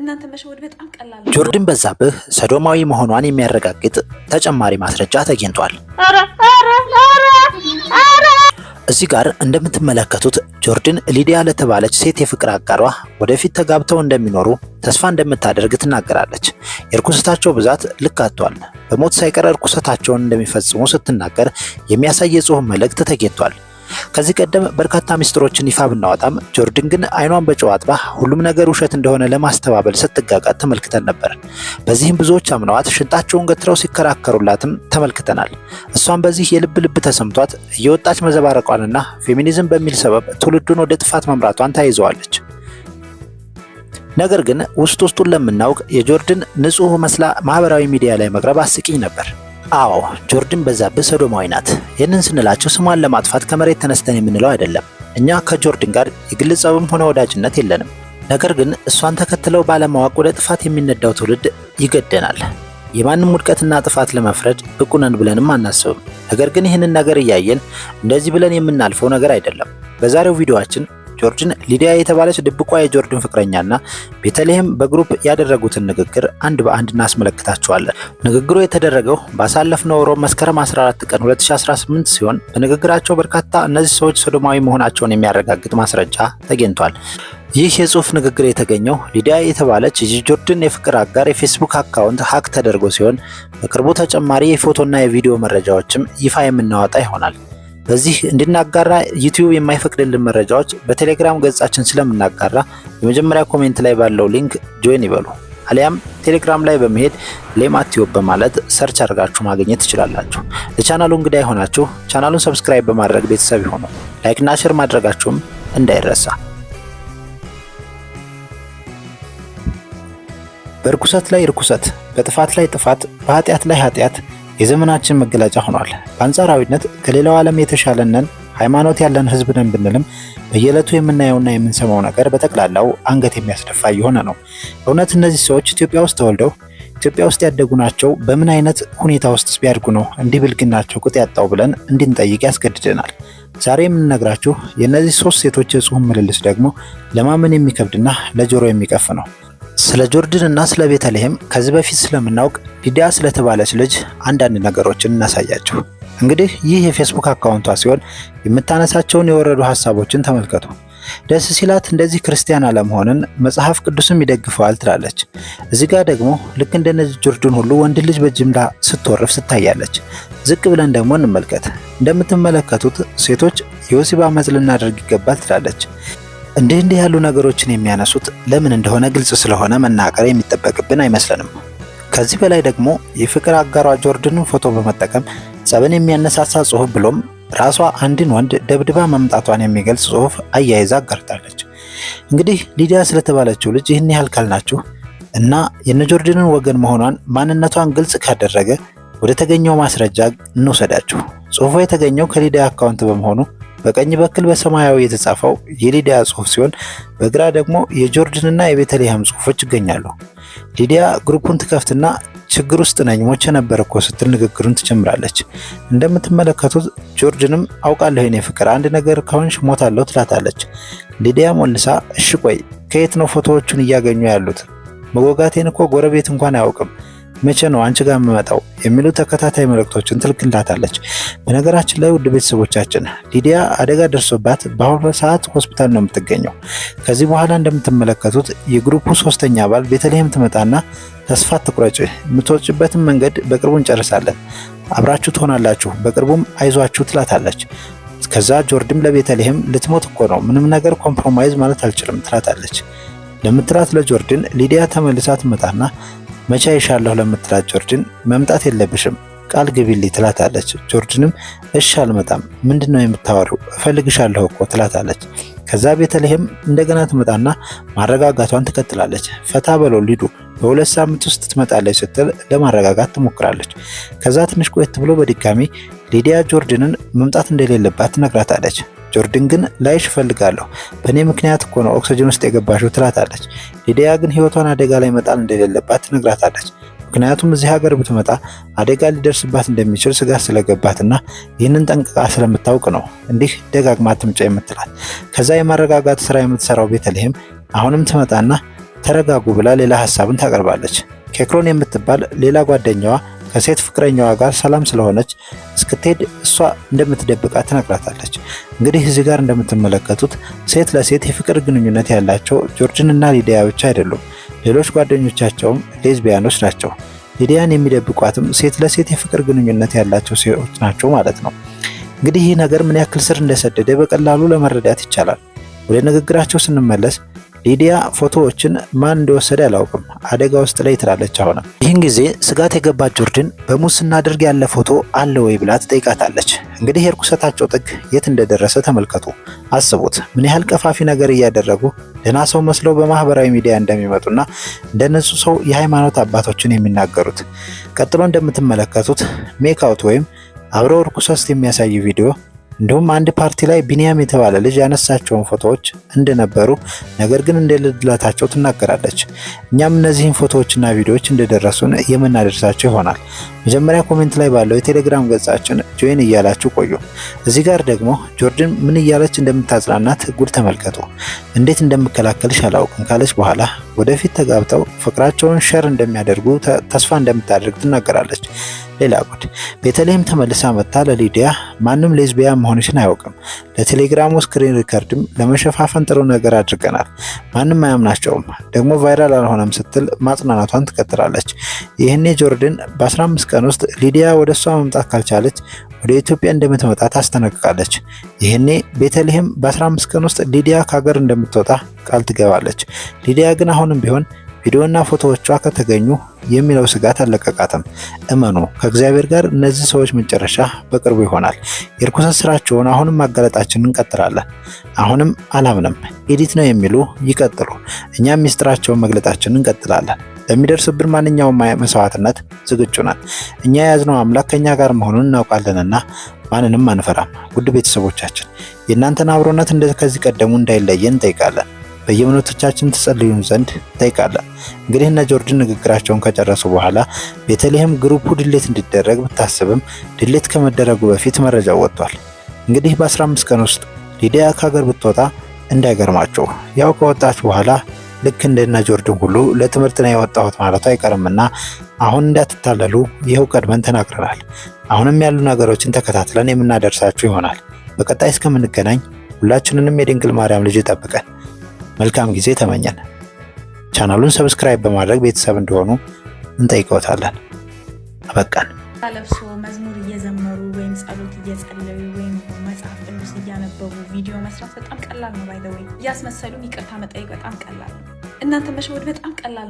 እናንተ መሸወድ በጣም ቀላል። ጆርድን በዛብህ ሰዶማዊ መሆኗን የሚያረጋግጥ ተጨማሪ ማስረጃ ተገኝቷል። እዚህ ጋር እንደምትመለከቱት ጆርድን ሊዲያ ለተባለች ሴት የፍቅር አጋሯ ወደፊት ተጋብተው እንደሚኖሩ ተስፋ እንደምታደርግ ትናገራለች። የእርኩሰታቸው ብዛት ልክ አጥቷል፣ በሞት ሳይቀር እርኩሰታቸውን እንደሚፈጽሙ ስትናገር የሚያሳይ የጽሑፍ መልእክት ተገኝቷል። ከዚህ ቀደም በርካታ ሚስጥሮችን ይፋ ብናወጣም ጆርድን ግን አይኗን በጨው አጥባ ሁሉም ነገር ውሸት እንደሆነ ለማስተባበል ስትጋጋጥ ተመልክተን ነበር። በዚህም ብዙዎች አምነዋት ሽንጣቸውን ገትረው ሲከራከሩላትም ተመልክተናል። እሷም በዚህ የልብ ልብ ተሰምቷት እየወጣች መዘባረቋንና ፌሚኒዝም በሚል ሰበብ ትውልዱን ወደ ጥፋት መምራቷን ተያይዘዋለች። ነገር ግን ውስጥ ውስጡን ለምናውቅ የጆርድን ንጹህ መስላ ማህበራዊ ሚዲያ ላይ መቅረብ አስቂኝ ነበር። አዎ ጆርድን በዛብህ ሰዶማዊ ናት። ይህንን ስንላቸው ስሟን ለማጥፋት ከመሬት ተነስተን የምንለው አይደለም። እኛ ከጆርድን ጋር የግል ጸብም ሆነ ወዳጅነት የለንም። ነገር ግን እሷን ተከትለው ባለማወቅ ወደ ጥፋት የሚነዳው ትውልድ ይገደናል። የማንም ውድቀትና ጥፋት ለመፍረድ ብቁ ነን ብለንም አናስብም። ነገር ግን ይህንን ነገር እያየን እንደዚህ ብለን የምናልፈው ነገር አይደለም። በዛሬው ቪዲዮአችን ጆርጅን ሊዲያ የተባለች ድብቋ የጆርጅን ፍቅረኛና ቤተልሔም በግሩፕ ያደረጉትን ንግግር አንድ በአንድ እናስመለክታቸዋለን። ንግግሩ የተደረገው ባሳለፍነው ሮብ መስከረም 14 ቀን 2018 ሲሆን በንግግራቸው በርካታ እነዚህ ሰዎች ሶዶማዊ መሆናቸውን የሚያረጋግጥ ማስረጃ ተገኝቷል። ይህ የጽሁፍ ንግግር የተገኘው ሊዲያ የተባለች የጆርድን የፍቅር አጋር የፌስቡክ አካውንት ሀክ ተደርጎ ሲሆን በቅርቡ ተጨማሪ የፎቶና የቪዲዮ መረጃዎችም ይፋ የምናወጣ ይሆናል። በዚህ እንድናጋራ ዩቲዩብ የማይፈቅድልን መረጃዎች በቴሌግራም ገጻችን ስለምናጋራ የመጀመሪያ ኮሜንት ላይ ባለው ሊንክ ጆይን ይበሉ። አሊያም ቴሌግራም ላይ በመሄድ ሌማቲዮ በማለት ሰርች አድርጋችሁ ማግኘት ትችላላችሁ። ለቻናሉ እንግዳ የሆናችሁ ቻናሉን ሰብስክራይብ በማድረግ ቤተሰብ ይሆኑ። ላይክና ሼር ማድረጋችሁም እንዳይረሳ። በርኩሰት ላይ ርኩሰት፣ በጥፋት ላይ ጥፋት፣ በኃጢአት ላይ ኃጢአት የዘመናችን መገለጫ ሆኗል። በአንጻራዊነት ከሌላው ዓለም የተሻለንን ሃይማኖት ያለን ህዝብ ነን ብንልም በየዕለቱ የምናየውና የምንሰማው ነገር በጠቅላላው አንገት የሚያስደፋ እየሆነ ነው። እውነት እነዚህ ሰዎች ኢትዮጵያ ውስጥ ተወልደው ኢትዮጵያ ውስጥ ያደጉ ናቸው? በምን አይነት ሁኔታ ውስጥ ቢያድጉ ነው እንዲህ ብልግናቸው ቁጥ ያጣው ብለን እንድንጠይቅ ያስገድደናል። ዛሬ የምንነግራችሁ የእነዚህ ሶስት ሴቶች የጽሁፍ ምልልስ ደግሞ ለማመን የሚከብድና ለጆሮ የሚቀፍ ነው። ስለ ጆርድን እና ስለ ቤተልሔም ከዚህ በፊት ስለምናውቅ ሊዲያ ስለተባለች ልጅ አንዳንድ ነገሮችን እናሳያችሁ። እንግዲህ ይህ የፌስቡክ አካውንቷ ሲሆን የምታነሳቸውን የወረዱ ሀሳቦችን ተመልከቱ። ደስ ሲላት እንደዚህ ክርስቲያን አለመሆንን መጽሐፍ ቅዱስም ይደግፈዋል ትላለች። እዚህ ጋር ደግሞ ልክ እንደነዚህ ጆርድን ሁሉ ወንድ ልጅ በጅምላ ስትወርፍ ስታያለች። ዝቅ ብለን ደግሞ እንመልከት። እንደምትመለከቱት ሴቶች የወሲብ መጽልናድርግ ልናደርግ ይገባል ትላለች። እንዲህ እንዲህ ያሉ ነገሮችን የሚያነሱት ለምን እንደሆነ ግልጽ ስለሆነ መናገር የሚጠበቅብን አይመስለንም። ከዚህ በላይ ደግሞ የፍቅር አጋሯ ጆርድንን ፎቶ በመጠቀም ጸብን የሚያነሳሳ ጽሑፍ ብሎም ራሷ አንድን ወንድ ደብድባ መምጣቷን የሚገልጽ ጽሑፍ አያይዛ አጋርታለች። እንግዲህ ሊዲያ ስለተባለችው ልጅ ይህን ያህል ካልናችሁ እና የነጆርድንን ወገን መሆኗን ማንነቷን ግልጽ ካደረገ ወደ ተገኘው ማስረጃ እንውሰዳችሁ። ጽሑፉ የተገኘው ከሊዲያ አካውንት በመሆኑ በቀኝ በኩል በሰማያዊ የተጻፈው የሊዲያ ጽሑፍ ሲሆን በግራ ደግሞ የጆርድንና የቤተልሔም ጽሑፎች ይገኛሉ። ሊዲያ ግሩፑን ትከፍትና ችግር ውስጥ ነኝ ሞቼ ነበር እኮ ስትል ንግግሩን ትጀምራለች። እንደምትመለከቱት ጆርጅንም አውቃለሁ የኔ ፍቅር አንድ ነገር ከሆንሽ ሞታለሁ ትላታለች። ሊዲያ ሞልሳ እሺ ቆይ ከየት ነው ፎቶዎቹን እያገኙ ያሉት? መጎጋቴን እኮ ጎረቤት እንኳን አያውቅም መቼ ነው አንቺ ጋር የምመጣው የሚሉ ተከታታይ መልእክቶችን ትልክላታለች። በነገራችን ላይ ውድ ቤተሰቦቻችን ሊዲያ አደጋ ደርሶባት በአሁኑ ሰዓት ሆስፒታል ነው የምትገኘው። ከዚህ በኋላ እንደምትመለከቱት የግሩፑ ሶስተኛ አባል ቤተልሔም ትመጣና ተስፋ ትቁረጭ፣ የምትወጭበትን መንገድ በቅርቡ እንጨርሳለን፣ አብራችሁ ትሆናላችሁ፣ በቅርቡም አይዟችሁ ትላታለች። ከዛ ጆርድም ለቤተልሔም ልትሞት እኮ ነው፣ ምንም ነገር ኮምፕሮማይዝ ማለት አልችልም ትላታለች። ለምትላት ለጆርድን ሊዲያ ተመልሳ ትመጣና መቼ አይሻለሁ ለምትላት ጆርጅን መምጣት የለብሽም ቃል ግቢልኝ ትላታለች። ጆርጅንም እሺ አልመጣም፣ ምንድን ነው የምታወሪው? እፈልግሻለሁ እኮ ትላታለች። ከዛ ቤተልሔም እንደገና ትመጣና ማረጋጋቷን ትቀጥላለች። ፈታ በለው ሊዱ በሁለት ሳምንት ውስጥ ትመጣለች ስትል ለማረጋጋት ትሞክራለች። ከዛ ትንሽ ቆየት ብሎ በድጋሚ ሊዲያ ጆርጅንን መምጣት እንደሌለባት ትነግራታለች። ጆርድን ግን ላይሽ እፈልጋለሁ በእኔ ምክንያት እኮ ነው ኦክሲጅን ውስጥ የገባሽው ትላታለች። ሊዲያ ግን ህይወቷን አደጋ ላይ መጣል እንደሌለባት ትነግራታለች። ምክንያቱም እዚህ ሀገር ብትመጣ አደጋ ሊደርስባት እንደሚችል ስጋት ስለገባትና ይህንን ጠንቅቃ ስለምታውቅ ነው እንዲህ ደጋግማ ትምጫ የምትላት። ከዛ የማረጋጋት ስራ የምትሰራው ቤተልሔም አሁንም ትመጣና ተረጋጉ ብላ ሌላ ሀሳብን ታቀርባለች። ኬክሮን የምትባል ሌላ ጓደኛዋ ከሴት ፍቅረኛዋ ጋር ሰላም ስለሆነች እስክትሄድ እሷ እንደምትደብቃ ትነግራታለች። እንግዲህ እዚህ ጋር እንደምትመለከቱት ሴት ለሴት የፍቅር ግንኙነት ያላቸው ጆርጅን እና ሊዲያ ብቻ አይደሉም። ሌሎች ጓደኞቻቸውም ሌዝቢያኖች ናቸው። ሊዲያን የሚደብቋትም ሴት ለሴት የፍቅር ግንኙነት ያላቸው ሴቶች ናቸው ማለት ነው። እንግዲህ ይህ ነገር ምን ያክል ስር እንደሰደደ በቀላሉ ለመረዳት ይቻላል። ወደ ንግግራቸው ስንመለስ ሊዲያ ፎቶዎችን ማን እንደወሰደ አላውቅም አደጋ ውስጥ ላይ ትላለች። አሁንም ይህን ጊዜ ስጋት የገባት ጆርጅን በሙስና ድርግ ያለ ፎቶ አለ ወይ ብላ ትጠይቃታለች። እንግዲህ የርኩሰታቸው ጥግ የት እንደደረሰ ተመልከቱ። አስቡት ምን ያህል ቀፋፊ ነገር እያደረጉ ደህና ሰው መስለው በማህበራዊ ሚዲያ እንደሚመጡና እንደ ንጹህ ሰው የሃይማኖት አባቶችን የሚናገሩት። ቀጥሎ እንደምትመለከቱት ሜካውት ወይም አብረው ርኩሰት የሚያሳይ ቪዲዮ እንዲሁም አንድ ፓርቲ ላይ ቢንያም የተባለ ልጅ ያነሳቸውን ፎቶዎች እንደነበሩ ነገር ግን እንደሌላቸው ትናገራለች። እኛም እነዚህን ፎቶዎችና ቪዲዮዎች እንደደረሱን የምናደርሳቸው ይሆናል። መጀመሪያ ኮሜንት ላይ ባለው የቴሌግራም ገጻችን ጆይን እያላችሁ ቆዩ። እዚህ ጋር ደግሞ ጆርድን ምን እያለች እንደምታጽናናት ጉድ ተመልከቱ። እንዴት እንደምከላከልሽ አላውቅም ካለች በኋላ ወደፊት ተጋብተው ፍቅራቸውን ሸር እንደሚያደርጉ ተስፋ እንደምታደርግ ትናገራለች። ሌላ ጉድ። ቤተልሔም ተመልሳ መጣ። ለሊዲያ ማንም ሌዝቢያ መሆንሽን አያውቅም። ለቴሌግራሙ ስክሪን ሪከርድም ለመሸፋፈን ጥሩ ነገር አድርገናል። ማንም አያምናቸውም። ደግሞ ቫይራል አልሆነም ስትል ማጽናናቷን ትቀጥላለች። ይህኔ ጆርድን በ15 ቀን ውስጥ ሊዲያ ወደ እሷ መምጣት ካልቻለች ወደ ኢትዮጵያ እንደምትመጣ ታስጠነቅቃለች። ይህኔ ቤተልሔም በ15 ቀን ውስጥ ሊዲያ ከሀገር እንደምትወጣ ቃል ትገባለች። ሊዲያ ግን አሁንም ቢሆን ቪዲዮና ፎቶዎቿ ከተገኙ የሚለው ስጋት አለቀቃትም። እመኑ፣ ከእግዚአብሔር ጋር እነዚህ ሰዎች መጨረሻ በቅርቡ ይሆናል። የርኩሰት ስራቸውን አሁንም ማጋለጣችን እንቀጥላለን። አሁንም አላምንም፣ ኤዲት ነው የሚሉ ይቀጥሉ፣ እኛም ሚስጥራቸውን መግለጣችን እንቀጥላለን። ለሚደርስብን ማንኛውም መስዋዕትነት ዝግጁ ነን። እኛ የያዝነው አምላክ ከእኛ ጋር መሆኑን እናውቃለንና ማንንም አንፈራም። ውድ ቤተሰቦቻችን የእናንተን አብሮነት ከዚህ ቀደሙ እንዳይለየን እንጠይቃለን። በየእምነቶቻችን ትጸልዩን ዘንድ እንጠይቃለን። እንግዲህ እነ ጆርጅን ንግግራቸውን ከጨረሱ በኋላ ቤተልሔም ግሩፑ ድሌት እንዲደረግ ብታስብም ድሌት ከመደረጉ በፊት መረጃው ወጥቷል። እንግዲህ በ15 ቀን ውስጥ ሊዲያ ከሀገር ብትወጣ እንዳይገርማቸው ያው ከወጣች በኋላ ልክ እንደነ ጆርጅን ሁሉ ለትምህርት ነው የወጣሁት ማለቱ አይቀርምና አሁን እንዳትታለሉ ይኸው ቀድመን ተናግረናል። አሁንም ያሉ ነገሮችን ተከታትለን የምናደርሳችሁ ይሆናል። በቀጣይ እስከምንገናኝ ሁላችንንም የድንግል ማርያም ልጅ ይጠብቀን። መልካም ጊዜ ተመኘን። ቻናሉን ሰብስክራይብ በማድረግ ቤተሰብ እንደሆኑ እንጠይቀውታለን። አበቃን። ለብሶ መዝሙር እየዘመሩ ወይም ጸሎት እየጸለዩ ወይም መጽሐፍ ቅዱስ እያነበቡ ቪዲዮ መስራት በጣም ቀላል ነው። ባይዘ ወይ እያስመሰሉን ይቅርታ መጠየቅ በጣም ቀላል ነው። እናንተ መሸወድ በጣም ቀላል